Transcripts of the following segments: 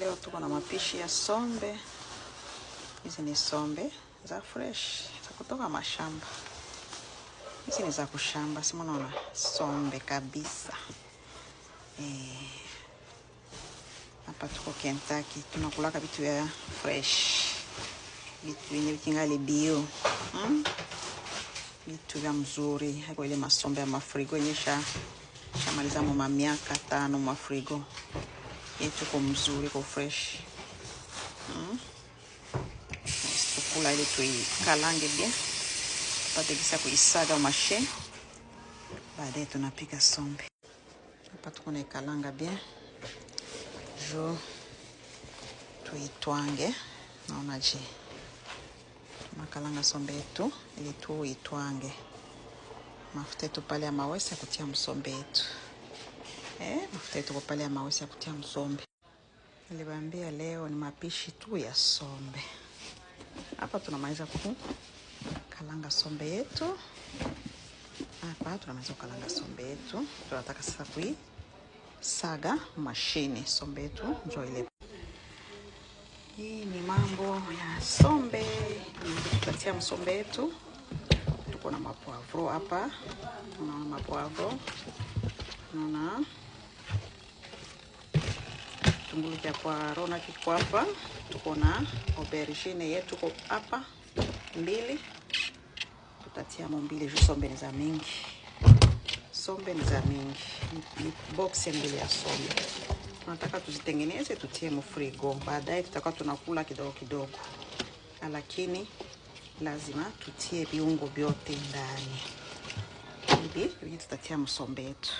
Leo tuko na mapishi ya sombe. Hizi ni sombe za fresh za kutoka mashamba. Hizi ni za kushamba, si mnaona sombe kabisa. E, tuko Kentucky, tunakulaka vitu ya fresh, vitu vyenye vikingali bio hmm? vitu vya mzuri, haiko ile masombe ya mafrigo yenye shamaliza mwa miaka tano mafrigo yetu ko mzuri ko fresh hmm? Kula ile tuikalange bien tupate kisa kuisaga mashe, baadaye tunapika sombe. Hapa tuko na ikalanga bien jo tuitwange. Naona je makalanga sombe yetu ili tuitwange mafuta yetu pale ya mawese ya kutia msombe yetu. Eh, mafuta yetu kwa pale ya mawese ya kutia msombe. Niliwaambia leo ni mapishi tu ya sombe. Hapa tunamaliza kukalanga sombe yetu. Hapa tunamaliza kukalanga sombe yetu. Tunataka sasa kui saga mashine sombe yetu njoo ile. Hii ni mambo ya sombe. Tutatia msombe yetu. Tuko na mapoavro hapa. Tunaona mapoavro. Tunaona Kitunguu cha kwarona kiko hapa, tuko na aubergine yetu ko hapa mbili, tutatiamo mbili juu sombe ni za mingi, sombe ni za mingi, ni box mbili ya sombe tunataka tuzitengeneze, tutie frigo, baadaye tutakuwa tunakula kidogo kidogo, lakini lazima tutie viungo vyote ndani. Hivi tutatia msombe yetu,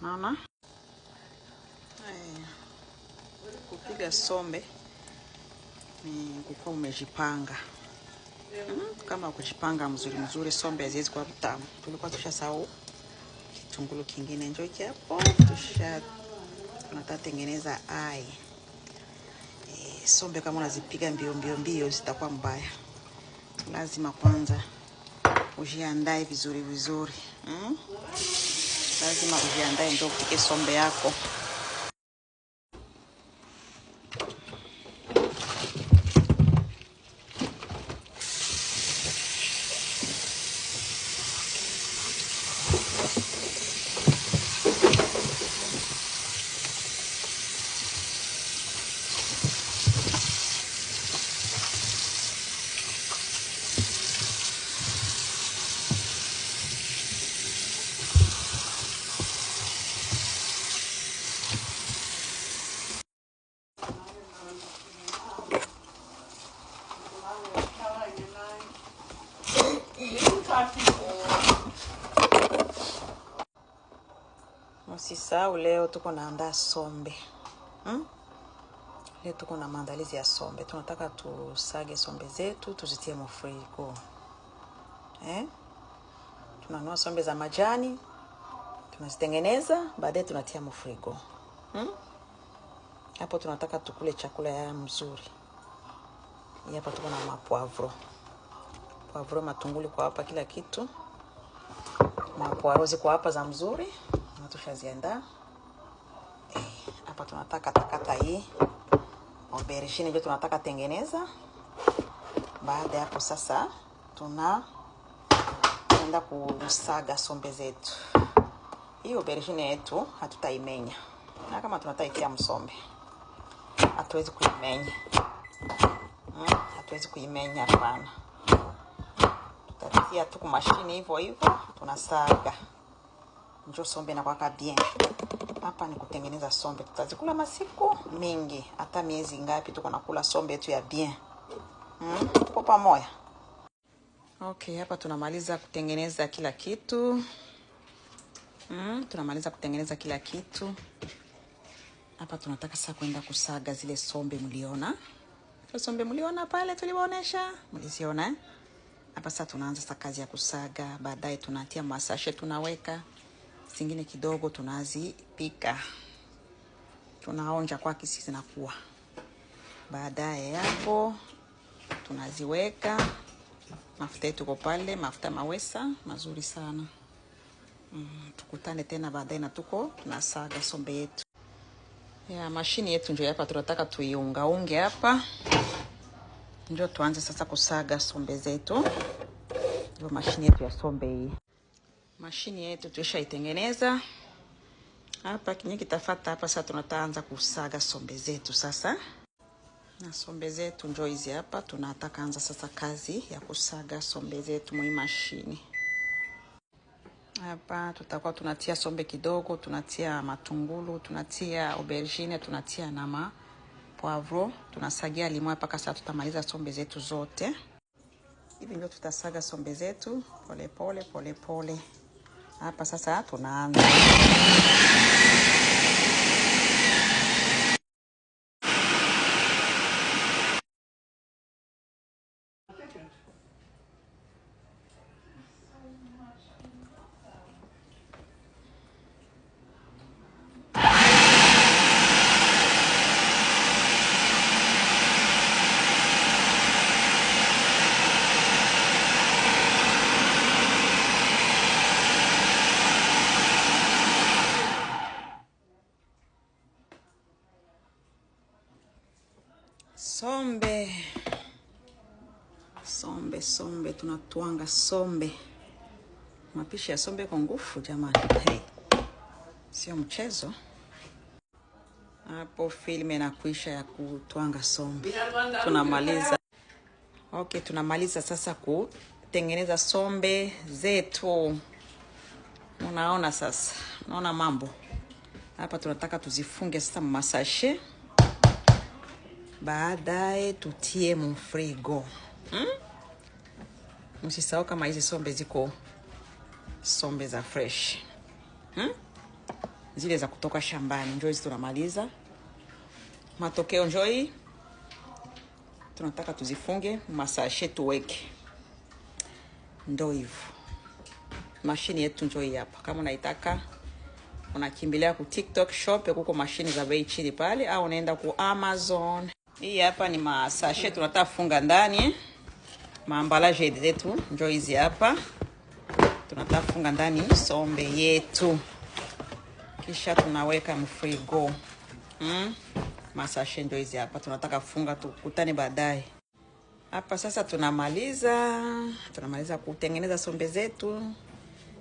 mama kupiga sombe ni kukuwa umejipanga mm-hmm. Kama kujipanga mzuri mzuri, sombe haziwezi kuwa mtamu. Tulikuwa tushasahau kitungulu kingine, njoo hapo, tusha tunatatengeneza ai e, sombe kama unazipiga mbio mbio mbio zitakuwa mbaya. Lazima kwanza ujiandae vizuri vizuri mm. Lazima ujiandae ndio upike sombe yako. Msisahau leo tuko naandaa sombe hmm? Leo tuko na maandalizi ya sombe, tunataka tusage sombe zetu tuzitie mfriko eh? Tunanua sombe za majani tunazitengeneza, baadaye tunatia mfriko hmm? hapo hmm? Tunataka tukule chakula ya mzuri Hapo tuko na mapoavro Pavro matunguli kwa hapa, kila kitu na rozi kwa hapa za mzuri na tushaziandaa eh, hapa. Tunataka takata hii aubergine ndio tunataka tengeneza. Baada hapo sasa, tunaenda kusaga sombe zetu. Hii aubergine yetu hatutaimenya, na kama tunataitia msombe hatuwezi kuimenya, hmm, hatuwezi kuimenya, hapana tunatia tu kumashini hivyo hivyo, tunasaga. njo sombe na bien. Hapa ni kutengeneza sombe, tutazikula masiku mingi, hata miezi ngapi tuko nakula sombe yetu ya bien. hmm? tupo pamoja. Okay, hapa tunamaliza kutengeneza kila kitu. hmm? tunamaliza kutengeneza kila kitu. Hapa tunataka sasa kwenda kusaga zile sombe mliona. Sombe mliona pale tuliwaonesha, mliziona eh? Hapa sasa tunaanza sasa kazi ya kusaga, baadaye tunatia masashe, tunaweka zingine kidogo, tunazipika, tunaonja kwa kisi zinakuwa. Baadaye hapo tunaziweka mafuta yetu kwa pale, mafuta mawesa mazuri sana. Mm, tukutane tena baadaye na tuko tunasaga sombe yetu ya mashini yetu ndio hapa, tunataka tuiungaunge hapa. Njoo tuanze sasa kusaga sombe zetu. Ndio mashini yetu ya sombe hii. Mashini yetu tulishaitengeneza hapa, kinyi kitafata hapa. Sasa tunataanza kusaga sombe zetu sasa, na sombe zetu njoo hizi hapa. Tunataka anza sasa kazi ya kusaga sombe zetu mwi mashini hapa. Tutakuwa tunatia sombe kidogo, tunatia matungulu, tunatia aubergine, tunatia nama poivro tunasagia limwa mpaka sasa tutamaliza sombe zetu zote. Hivi ndio tutasaga sombe zetu polepole polepole pole. Hapa sasa tunaanza Sombe, sombe, sombe, tunatwanga sombe. Mapishi ya sombe kwa nguvu jamani, hey, sio mchezo. Hapo film inakuisha ya kutwanga sombe, tunamaliza. Okay, tunamaliza sasa kutengeneza sombe zetu. Unaona sasa, unaona mambo hapa, tunataka tuzifunge sasa masashe baadaye tutie mfrigo hmm? Msisahau kama hizi sombe ziko sombe za fresh hmm? Zile za kutoka shambani njoi, tunamaliza matokeo njoi, tunataka tuzifunge masashe tuweke, ndo hivyo mashini yetu njoi hapa. Kama unaitaka unakimbilia ku TikTok shop, kuko mashini za bei chini pale, au unaenda ku Amazon. Hii hapa ni masashe tunataka funga ndani maambalaje yetu, njo hizi hapa tunataka funga ndani sombe yetu, kisha tunaweka mfrigo mm. Masashe njo hizi hapa tunataka kufunga, tukutane baadaye. Hapa sasa tunamaliza tunamaliza kutengeneza sombe zetu,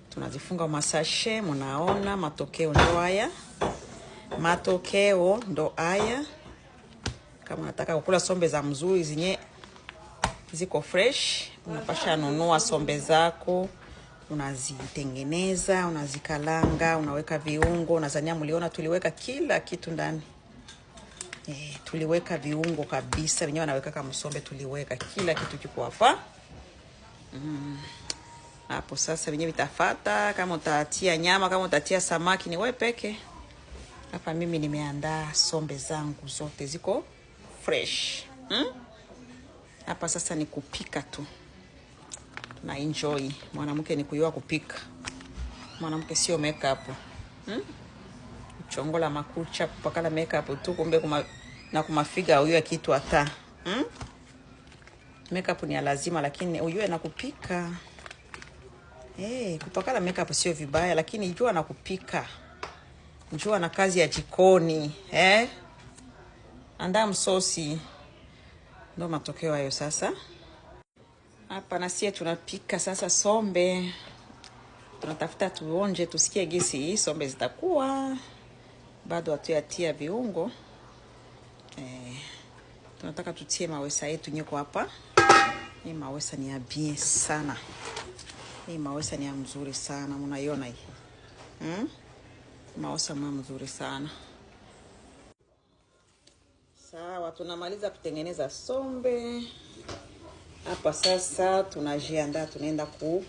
tunazifunga masashe. Munaona matokeo ndo haya, matokeo ndo haya kama nataka kukula sombe za mzuri zenye ziko fresh, unapasha nunua sombe zako, unazitengeneza, unazikalanga, unaweka viungo. Nadhania mliona tuliweka kila kitu ndani e, tuliweka viungo kabisa, wenyewe wanaweka kama sombe, tuliweka kila kitu kiko hapa mm. hapo. mm. sasa wenyewe vitafata, kama utatia nyama, kama utatia samaki, ni wewe peke. Hapa mimi nimeandaa sombe zangu zote ziko fresh hmm? hapa Sasa ni kupika tu na enjoy. Mwanamke ni kuyua kupika, mwanamke sio makeup hmm? Chongola makucha kupakala makeup tu, kumbe kuma, na kumafiga huyo kitu hata hmm? Makeup ni ya lazima, lakini uyue na kupika hey, eh, kupakala makeup sio vibaya, lakini jua na kupika, jua na kazi ya jikoni eh? Andaa msosi, ndo matokeo hayo. Sasa hapa na sie tunapika sasa sombe, tunatafuta tuonje, tusikie gisi hii sombe zitakuwa. Bado hatuyatia viungo eh, tunataka tutie mawesa yetu nyeko hapa. Hii mawesa ni ya bien sana, hii mawesa ni ya mzuri sana, mnaiona hii hmm? mawesa mwa mzuri sana sawa, tunamaliza kutengeneza sombe hapa sasa, tunajiandaa tunaenda ku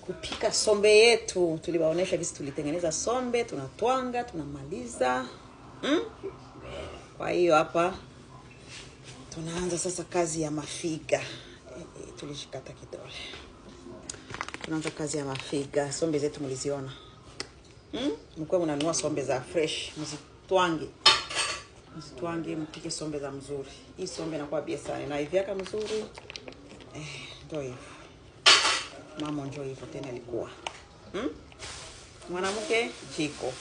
kupika sombe yetu. Tuliwaonesha visi tulitengeneza sombe, tunatwanga tunamaliza hmm? Kwa hiyo hapa tunaanza sasa kazi ya mafiga e, e, tulishikata kidole, tunaanza kazi ya mafiga. Sombe zetu mliziona, hmm? mlikuwa hmm? mnanua sombe za fresh, mzitwange msitwange, mpike sombe za mzuri. Hii sombe inakuwa biasani na hivi yaka mzuri eh, ndio hivyo mama, ndio tena ilikuwa hmm? Mwanamke jiko